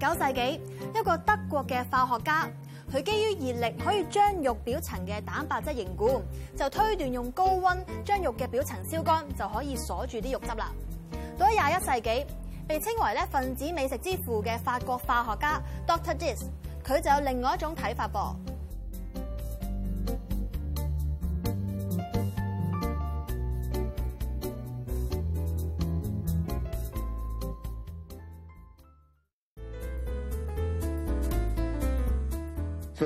九世紀，一個德國嘅化學家，佢基於熱力可以將肉表層嘅蛋白質凝固，就推斷用高溫將肉嘅表層燒乾，就可以鎖住啲肉汁啦。到咗廿一世紀，被稱為咧分子美食之父嘅法國化學家 Doctor This，佢就有另外一種睇法噃。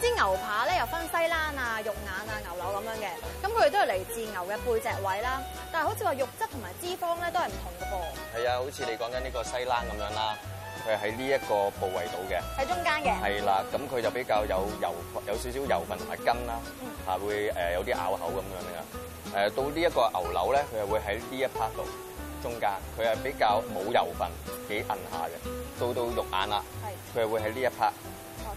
啲牛排咧又分西冷啊、肉眼啊、牛柳咁樣嘅，咁佢哋都係嚟自牛嘅背脊位啦。但係好似話肉質同埋脂肪咧都係唔同嘅噃。係啊，好似你講緊呢個西冷咁樣啦，佢係喺呢一個部位度嘅。喺中間嘅。係啦，咁佢就比較有油，有少少油分同埋筋啦，嚇會誒有啲咬口咁樣嘅。誒到呢一個牛柳咧，佢係會喺呢一 part 度中間，佢係比較冇油分，幾韌下嘅。到到肉眼啦，係，佢會喺呢一 part。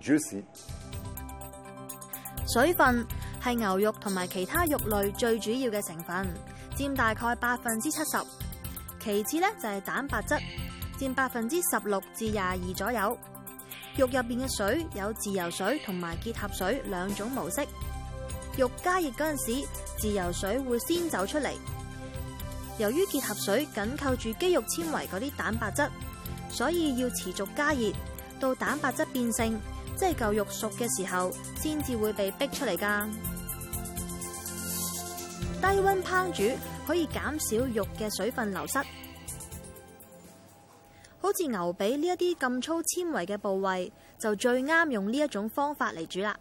Juicy. 水分係牛肉同埋其他肉類最主要嘅成分，佔大概百分之七十。其次咧就係、是、蛋白質，佔百分之十六至廿二左右。肉入邊嘅水有自由水同埋結合水兩種模式。肉加熱嗰陣時，自由水會先走出嚟。由於結合水緊扣住肌肉纖維嗰啲蛋白質，所以要持續加熱。到蛋白質變性，即係嚿肉熟嘅時候，先至會被逼出嚟噶。低溫烹煮可以減少肉嘅水分流失，好似牛髀呢一啲咁粗纖維嘅部位，就最啱用呢一種方法嚟煮啦。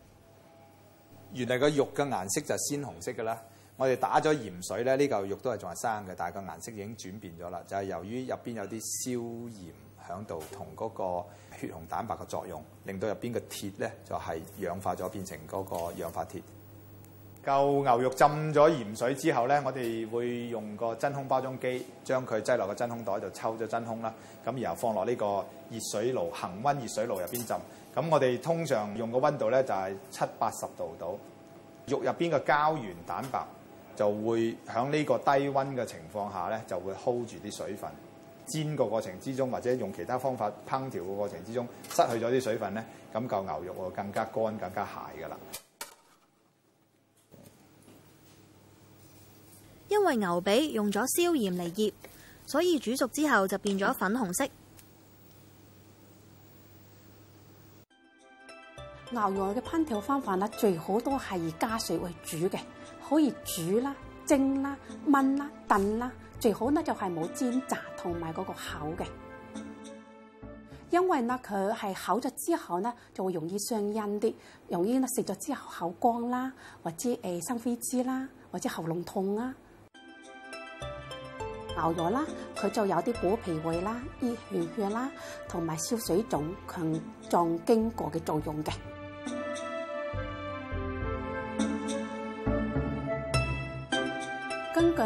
原嚟個肉嘅顏色就鮮紅色噶啦，我哋打咗鹽水咧，呢嚿肉都係仲係生嘅，但係個顏色已經轉變咗啦，就係由於入邊有啲硝鹽。響度同嗰個血紅蛋白嘅作用，令到入邊嘅鐵呢就係氧化咗變成嗰個氧化鐵。舊牛肉浸咗鹽水之後呢，我哋會用個真空包裝機將佢擠落個真空袋度抽咗真空啦。咁然後放落呢個熱水爐恒溫熱水爐入邊浸。咁我哋通常用個温度呢，就係七八十度度。肉入邊嘅膠原蛋白就會喺呢個低温嘅情況下呢，就會 hold 住啲水分。煎個過程之中，或者用其他方法烹調個過程之中，失去咗啲水分呢，咁嚿牛肉會更加乾、更加粗糙㗎啦。因為牛髀用咗硝鹽嚟醃，所以煮熟之後就變咗粉紅色。牛肉嘅烹調方法啊，最好都係以加水為主嘅，可以煮啦、蒸啦、燜啦、燉啦。.最好咧就係、是、冇煎炸同埋嗰個烤嘅，因為咧佢係烤咗之後咧就會容易傷陰啲，容易咧食咗之後口乾啦，或者誒、呃、生痱滋啦，或者喉嚨痛啊。牛肉啦，佢就有啲補脾胃啦、益氣血，血啦，同埋消水腫、強壯筋骨嘅作用嘅。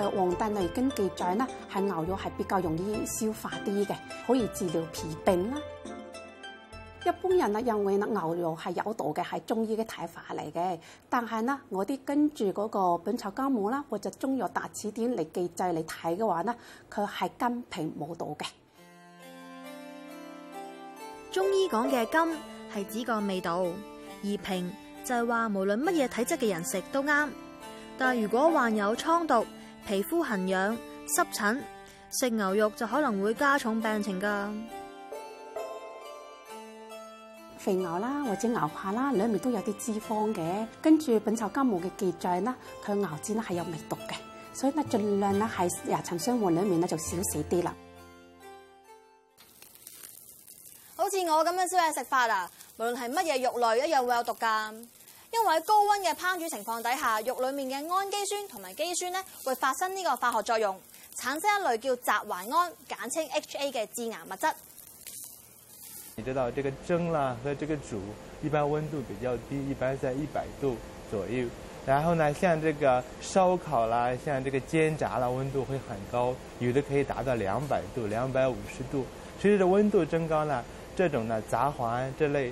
《黃帝內經》記載呢，係牛肉係比較容易消化啲嘅，可以治療脾病啦。一般人啊，認為牛肉係有毒嘅，係中醫嘅睇法嚟嘅。但係呢，我啲跟住嗰個《本草綱目》啦，或者《中藥大辭典》嚟記載嚟睇嘅話呢，佢係甘平冇毒嘅。中醫講嘅甘係指個味道，而平就係話無論乜嘢體質嘅人食都啱。但係如果患有瘡毒，皮膚痕癢、濕疹，食牛肉就可能會加重病情噶。肥牛啦，或者牛扒啦，裏面都有啲脂肪嘅。跟住《本草綱目》嘅記載啦，佢牛脂咧係有微毒嘅，所以咧盡量咧係日常生活裏面咧就少少啲啦。好似我咁樣宵夜食法啊，無論係乜嘢肉類，一樣會有毒噶。因為喺高溫嘅烹煮情況底下，肉裏面嘅氨基酸同埋肌酸呢會發生呢個化學作用，產生一類叫雜環胺，簡稱 HA 嘅致癌物質。你知道，這個蒸啦和這個煮，一般溫度比較低，一般在一百度左右。然後呢，像這個燒烤啦，像這個煎炸啦，溫度會很高，有的可以達到兩百度、兩百五十度。隨着溫度增高呢，這種呢雜環胺之類。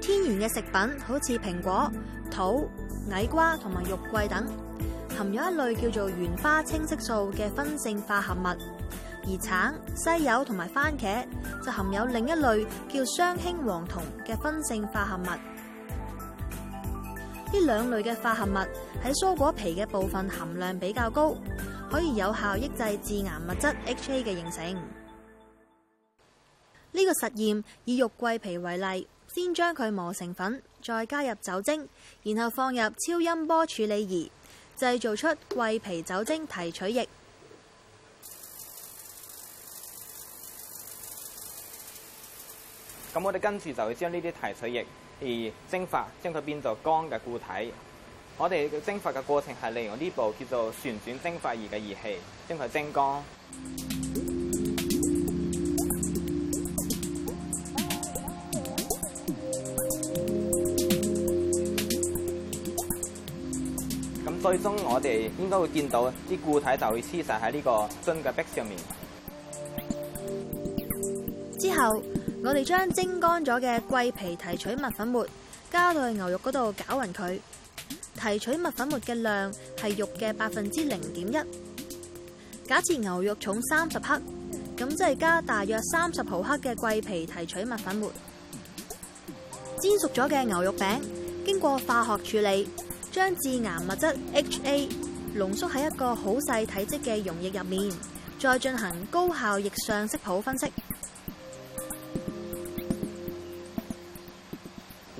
天然嘅食品好似蘋果、桃、矮瓜同埋肉桂等，含有一類叫做原花青色素嘅分性化合物；而橙、西柚同埋番茄就含有另一類叫雙氫黃酮嘅分性化合物。呢兩類嘅化合物喺蔬果皮嘅部分含量比較高，可以有效抑制致癌物質 HA 嘅形成。呢、這個實驗以肉桂皮為例。先將佢磨成粉，再加入酒精，然後放入超音波處理儀，製造出桂皮酒精提取液。咁我哋跟住就會將呢啲提取液而蒸發，將佢變做乾嘅固體。我哋嘅蒸發嘅過程係利用呢部叫做旋轉蒸發儀嘅儀器，將佢蒸乾。最終我哋應該會見到啲固體就會黐晒喺呢個樽嘅壁上面。之後我哋將蒸乾咗嘅桂皮提取物粉末加到去牛肉嗰度攪勻佢。提取物粉末嘅量係肉嘅百分之零點一。假設牛肉重三十克，咁即係加大約三十毫克嘅桂皮提取物粉末。煎熟咗嘅牛肉餅經過化學處理。將致癌物質 H A 濃縮喺一個好細體積嘅溶液入面，再進行高效液相色譜分析。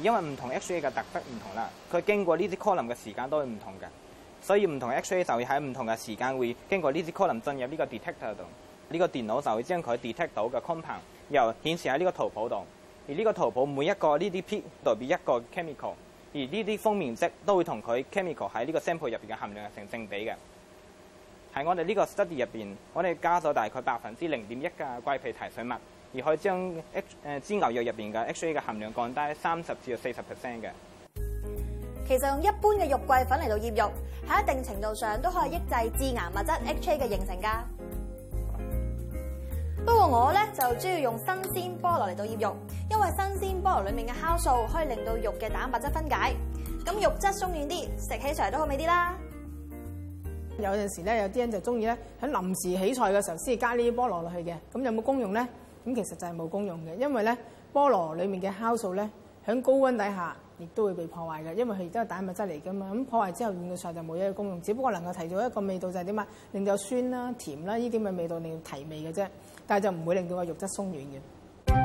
因為唔同 H A 嘅特質唔同啦，佢經過呢啲 column 嘅時間都會唔同嘅，所以唔同 H A 就會喺唔同嘅時間會經過呢啲 column 進入呢個 detector 度。呢個電腦就會將佢 detect 到嘅 compound 又顯示喺呢個圖譜度。而呢個圖譜每一個呢啲 peak 代表一個 chemical。而呢啲封面積都會同佢 chemical 喺呢個 sample 入邊嘅含量係成正，正比嘅。喺我哋呢個 study 入邊，我哋加咗大概百分之零點一嘅桂皮提取物，而可以將誒豬牛肉入邊嘅 H A 嘅含量降低三十至到四十 percent 嘅。其實用一般嘅肉桂粉嚟到醃肉，喺一定程度上都可以抑制致癌物質 H A 嘅形成㗎。不過我咧就中意用新鮮菠蘿嚟到醃肉，因為新鮮菠蘿裏面嘅酵素可以令到肉嘅蛋白質分解，咁肉質鬆軟啲，食起上嚟都好味啲啦。有陣時咧，有啲人就中意咧喺臨時起菜嘅時候先加呢啲菠蘿落去嘅，咁有冇功用咧？咁其實就係冇功用嘅，因為咧菠蘿裏面嘅酵素咧響高溫底下亦都會被破壞嘅，因為佢亦都係蛋白質嚟噶嘛。咁破壞之後，軟咗晒就冇嘢嘅功用，只不過能夠提到一個味道就係點啊，令到酸啦、啊、甜啦呢啲嘅味道令到提味嘅啫。但就唔會令到個肉質鬆軟嘅。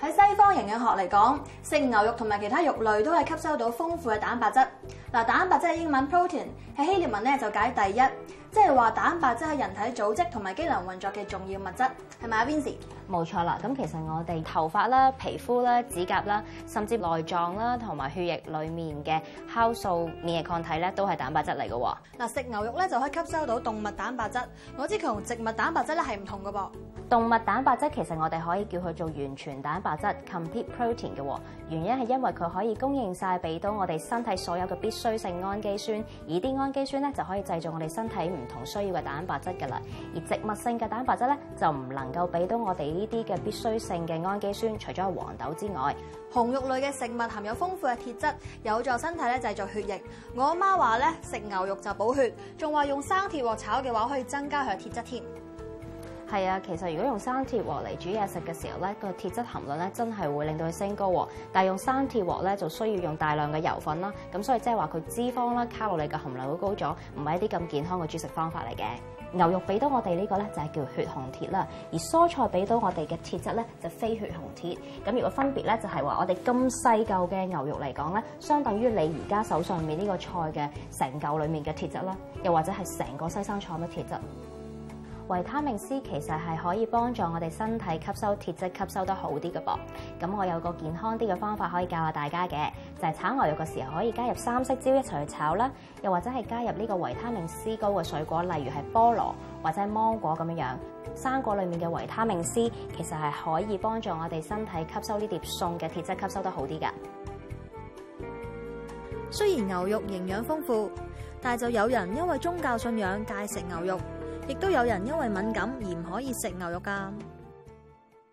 喺西方營養學嚟講，食牛肉同埋其他肉類都係吸收到豐富嘅蛋白質。嗱，蛋白質係英文 protein，喺希臘文咧就解第一。即係話蛋白質係人體組織同埋機能運作嘅重要物質，係咪啊 Vincy？冇錯啦，咁其實我哋頭髮啦、皮膚啦、指甲啦，甚至內臟啦同埋血液裏面嘅酵素、免疫抗體咧，都係蛋白質嚟嘅。嗱，食牛肉咧就可以吸收到動物蛋白質，我知佢同植物蛋白質咧係唔同嘅噃。動物蛋白質其實我哋可以叫佢做完全蛋白質 （complete protein） 嘅，原因係因為佢可以供應晒俾到我哋身體所有嘅必需性氨基酸，而啲氨基酸咧就可以製造我哋身體唔。同需要嘅蛋白質噶啦，而植物性嘅蛋白質咧就唔能夠俾到我哋呢啲嘅必需性嘅氨基酸，除咗黃豆之外，紅肉類嘅食物含有豐富嘅鐵質，有助身體咧製造血液。我媽話咧食牛肉就補血，仲話用生鐵鑊炒嘅話可以增加佢嘅鐵質添。係啊，其實如果用生鐵鍋嚟煮嘢食嘅時候咧，個鐵質含量咧真係會令到佢升高。但係用生鐵鍋咧，就需要用大量嘅油份啦。咁所以即係話佢脂肪啦、卡路里嘅含量會高咗，唔係一啲咁健康嘅煮食方法嚟嘅。牛肉俾到我哋呢個咧就係叫血紅鐵啦，而蔬菜俾到我哋嘅鐵質咧就非血紅鐵。咁如果分別咧就係話，我哋咁細嚿嘅牛肉嚟講咧，相當於你而家手上面呢個菜嘅成嚿裡面嘅鐵質啦，又或者係成個西生菜嘅鐵質。維他命 C 其實係可以幫助我哋身體吸收鐵質吸收得好啲嘅噃，咁我有個健康啲嘅方法可以教下大家嘅，就係炒牛肉嘅時候可以加入三色椒一齊去炒啦，又或者係加入呢個維他命 C 高嘅水果，例如係菠蘿或者係芒果咁樣樣，生果裏面嘅維他命 C 其實係可以幫助我哋身體吸收呢碟餸嘅鐵質吸收得好啲嘅。雖然牛肉營養豐富，但係就有人因為宗教信仰戒食牛肉。亦都有人因為敏感而唔可以食牛肉㗎。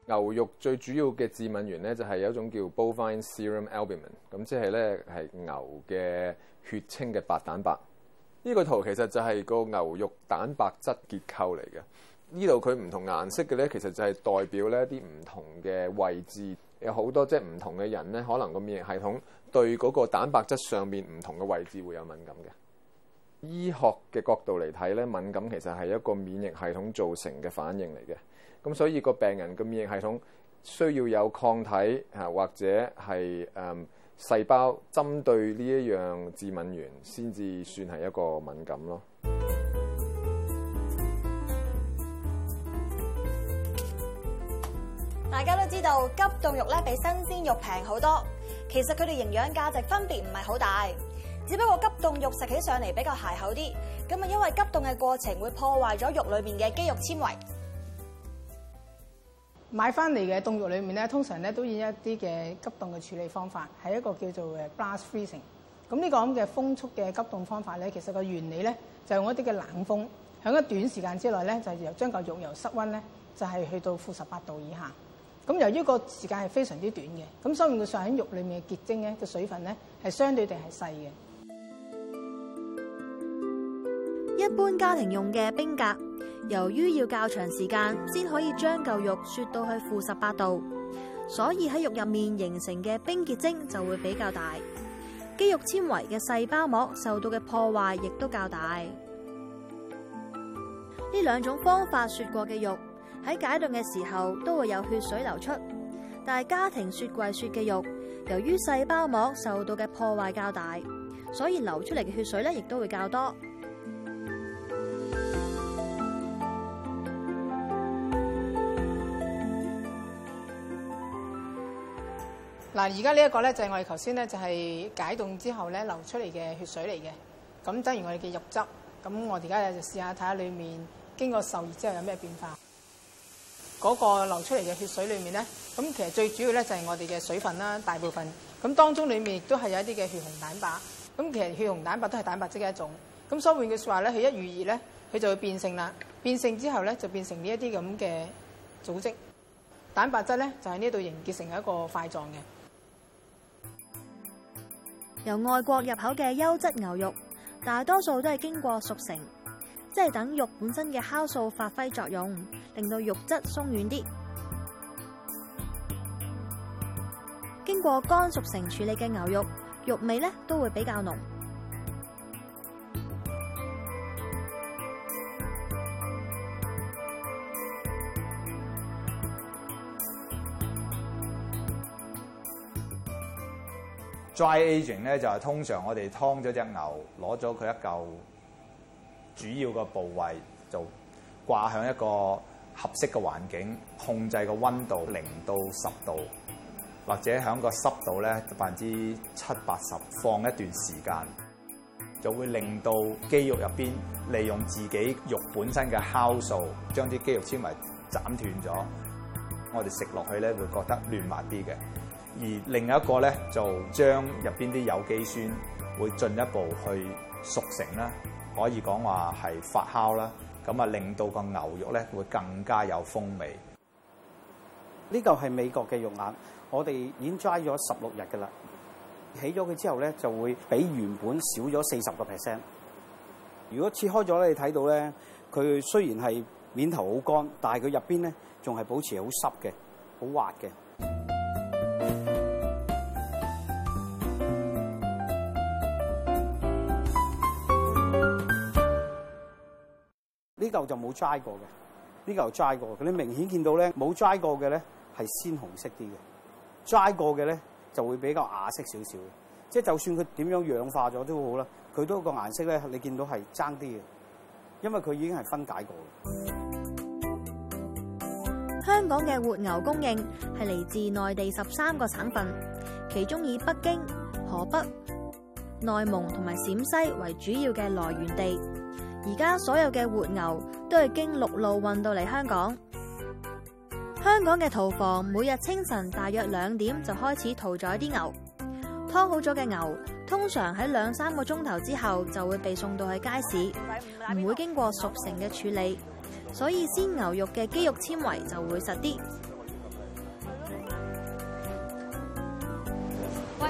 牛肉最主要嘅致敏源咧，就係有一種叫 Bovine Serum Albumin，咁即係咧係牛嘅血清嘅白蛋白。呢個圖其實就係個牛肉蛋白質結構嚟嘅。呢度佢唔同顏色嘅咧，其實就係代表咧一啲唔同嘅位置。有好多即係唔同嘅人咧，可能個免疫系統對嗰個蛋白質上面唔同嘅位置會有敏感嘅。醫學嘅角度嚟睇咧，敏感其實係一個免疫系統造成嘅反應嚟嘅。咁所以個病人嘅免疫系統需要有抗體啊，或者係誒、嗯、細胞針對呢一樣致敏原先至算係一個敏感咯。大家都知道，急凍肉咧比新鮮肉平好多，其實佢哋營養價值分別唔係好大。只不過急凍肉食起上嚟比較鞋口啲，咁啊，因為急凍嘅過程會破壞咗肉裏面嘅肌肉纖維。買翻嚟嘅凍肉裏面咧，通常咧都以一啲嘅急凍嘅處理方法，係一個叫做誒 blast freezing。咁呢個咁嘅風速嘅急凍方法咧，其實個原理咧就係用一啲嘅冷風喺一短時間之內咧，就由將嚿肉由室溫咧就係去到負十八度以下。咁由於個時間係非常之短嘅，咁所以佢上喺肉裏面嘅結晶咧嘅水分咧係相對地係細嘅。一般家庭用嘅冰格，由於要較長時間先可以將嚿肉雪到去負十八度，所以喺肉入面形成嘅冰結晶就會比較大，肌肉纖維嘅細胞膜受到嘅破壞亦都較大。呢兩種方法雪過嘅肉喺解凍嘅時候都會有血水流出，但係家庭雪櫃雪嘅肉，由於細胞膜受到嘅破壞較大，所以流出嚟嘅血水咧亦都會較多。嗱，而家呢一個咧就係我哋頭先咧就係解凍之後咧流出嚟嘅血水嚟嘅，咁等於我哋嘅肉汁，咁我哋而家就試下睇下裡面經過受熱之後有咩變化。嗰個流出嚟嘅血水裡面咧，咁其實最主要咧就係我哋嘅水分啦，大部分，咁當中裡面亦都係有一啲嘅血紅蛋白，咁其實血紅蛋白都係蛋白質嘅一種，咁所以換句話說咧，佢一遇熱咧，佢就會變性啦，變性之後咧就變成呢一啲咁嘅組織，蛋白質咧就喺呢度凝結成一個塊狀嘅。由外國入口嘅優質牛肉，大多數都係經過熟成，即係等肉本身嘅酵素發揮作用，令到肉質鬆軟啲。經過乾熟成處理嘅牛肉，肉味呢都會比較濃。dry aging 咧就係通常我哋劏咗隻牛，攞咗佢一嚿主要個部位，就掛響一個合適嘅環境，控制個温度零到十度，或者響個濕度咧百分之七八十，放一段時間，就會令到肌肉入邊利用自己肉本身嘅酵素，將啲肌肉纖維斬斷咗，我哋食落去咧會覺得嫩滑啲嘅。而另一個咧，就將入邊啲有機酸會進一步去熟成啦，可以講話係發酵啦，咁啊令到個牛肉咧會更加有風味。呢嚿係美國嘅肉眼，我哋已經 dry 咗十六日㗎喇，起咗佢之後咧就會比原本少咗四十個 percent。如果切開咗咧，你睇到咧，佢雖然係面頭好乾，但係佢入邊咧仲係保持好濕嘅，好滑嘅。舊就冇 dry 過嘅，呢嚿 dry 過，咁你明顯見到咧冇 dry 過嘅咧係鮮紅色啲嘅，dry 過嘅咧就會比較啞色少少，即係就算佢點樣氧化咗都好啦，佢都個顏色咧你見到係爭啲嘅，因為佢已經係分解過的。香港嘅活牛供應係嚟自內地十三個省份，其中以北京、河北、內蒙同埋陝西為主要嘅來源地。而家所有嘅活牛都係經陸路運到嚟香港。香港嘅屠房每日清晨大約兩點就開始屠宰啲牛，劏好咗嘅牛通常喺兩三個鐘頭之後就會被送到去街市，唔會經過熟成嘅處理，所以鮮牛肉嘅肌肉纖維就會實啲。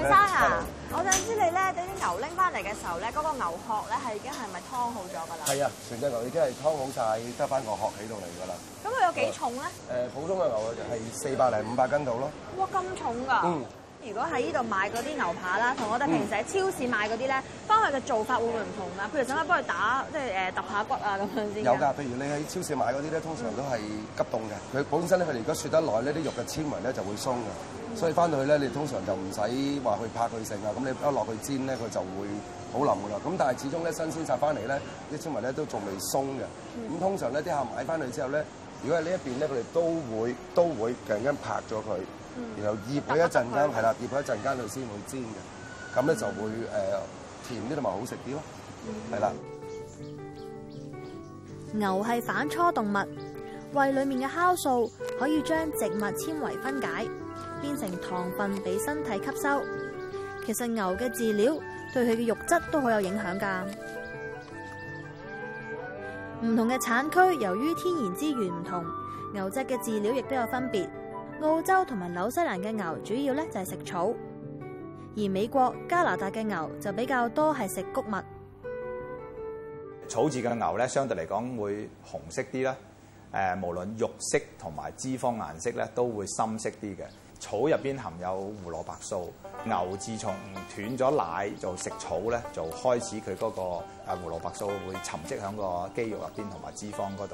生啊，對我想知你咧啲牛拎翻嚟嘅時候咧，嗰個牛殼咧係已經係咪劏好咗㗎啦？係啊，成隻牛已經係劏好晒，得翻個殼喺度嚟㗎啦。咁佢有幾重咧？誒、哦，普通嘅牛就係四百零五百斤度咯。哇，咁重㗎！嗯。如果喺呢度買嗰啲牛扒啦，同我哋平時喺超市買嗰啲咧，返去嘅做法會唔會唔同啊？佢哋、嗯、想唔想幫佢打即係誒揼下骨啊咁樣先？有㗎，譬如你喺超市買嗰啲咧，通常都係急凍嘅。佢、嗯、本身咧，佢哋如果雪得耐呢，啲肉嘅纖維咧就會鬆㗎。所以翻到去咧，你通常就唔使話去拍佢成啊。咁你一落去煎咧，佢就會好腍噶啦。咁但係始終咧新鮮殺翻嚟咧，啲纖維咧都仲未鬆嘅。咁、嗯、通常咧啲客買翻去之後咧，如果喺呢一邊咧，佢哋都會都會突然間拍咗佢，嗯、然後醃佢一陣間，係啦它，醃佢一陣間，佢先會煎嘅。咁咧、嗯、就會、呃、甜啲同埋好食啲咯，係啦、嗯的。牛係反芻動物，胃裏面嘅酵素可以將植物纖維分解。變成糖分俾身體吸收。其實牛嘅飼料對佢嘅肉質都好有影響噶。唔同嘅產區，由於天然資源唔同，牛隻嘅飼料亦都有分別。澳洲同埋紐西蘭嘅牛主要咧就係食草，而美國、加拿大嘅牛就比較多係食穀物。草字嘅牛咧，相對嚟講會紅色啲啦。誒，無論肉色同埋脂肪顏色咧，都會深色啲嘅。草入邊含有胡蘿蔔素，牛自從斷咗奶就食草咧，就開始佢嗰個，誒，胡蘿蔔素會沉積響個肌肉入邊同埋脂肪度。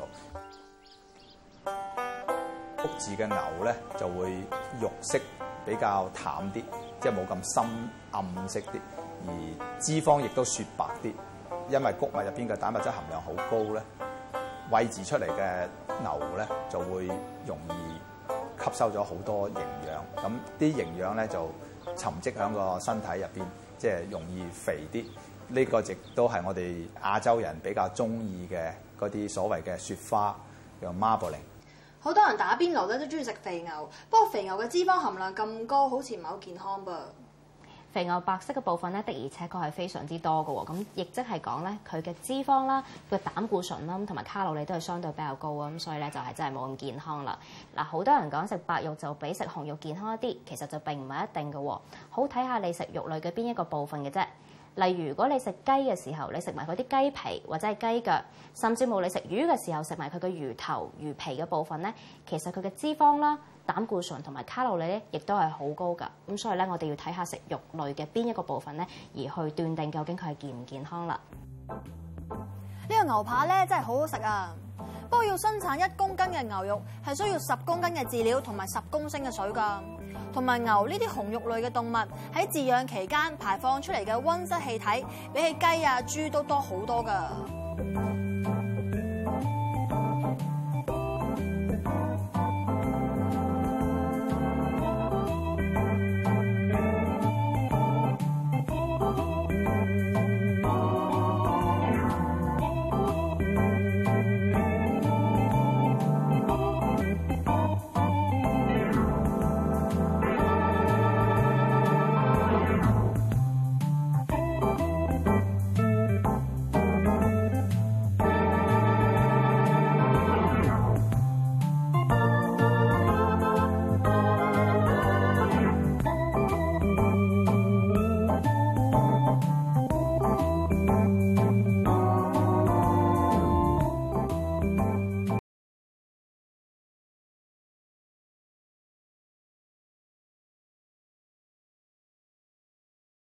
穀飼嘅牛咧就會肉色比較淡啲，即係冇咁深暗色啲，而脂肪亦都雪白啲，因為谷物入邊嘅蛋白質含量好高咧，餵飼出嚟嘅牛咧就會容易。吸收咗好多營養，咁啲營養咧就沉積喺個身體入邊，即係容易肥啲。呢個亦都係我哋亞洲人比較中意嘅嗰啲所謂嘅雪花，叫 marbling。好多人打邊爐咧都中意食肥牛，不過肥牛嘅脂肪含量咁高，好似唔係好健康噃。肥牛白色嘅部分咧的而且確係非常之多嘅，咁亦即係講咧佢嘅脂肪啦、個膽固醇啦，同埋卡路里都係相對比較高啊，咁所以咧就係真係冇咁健康啦。嗱，好多人講食白肉就比食紅肉健康一啲，其實就並唔係一定嘅，好睇下你食肉類嘅邊一個部分嘅啫。例如，如果你食雞嘅時候，你食埋嗰啲雞皮或者係雞腳，甚至乎你食魚嘅時候食埋佢嘅魚頭、魚皮嘅部分咧，其實佢嘅脂肪啦、膽固醇同埋卡路里咧，亦都係好高㗎。咁所以咧，我哋要睇下食肉類嘅邊一個部分咧，而去斷定究竟佢係健唔健康啦。呢個牛扒咧真係好好食啊！不過要生產一公斤嘅牛肉係需要十公斤嘅飼料同埋十公升嘅水㗎。同埋牛呢啲紅肉類嘅動物喺飼養期間排放出嚟嘅溫室氣體，比起雞啊豬都多好多㗎。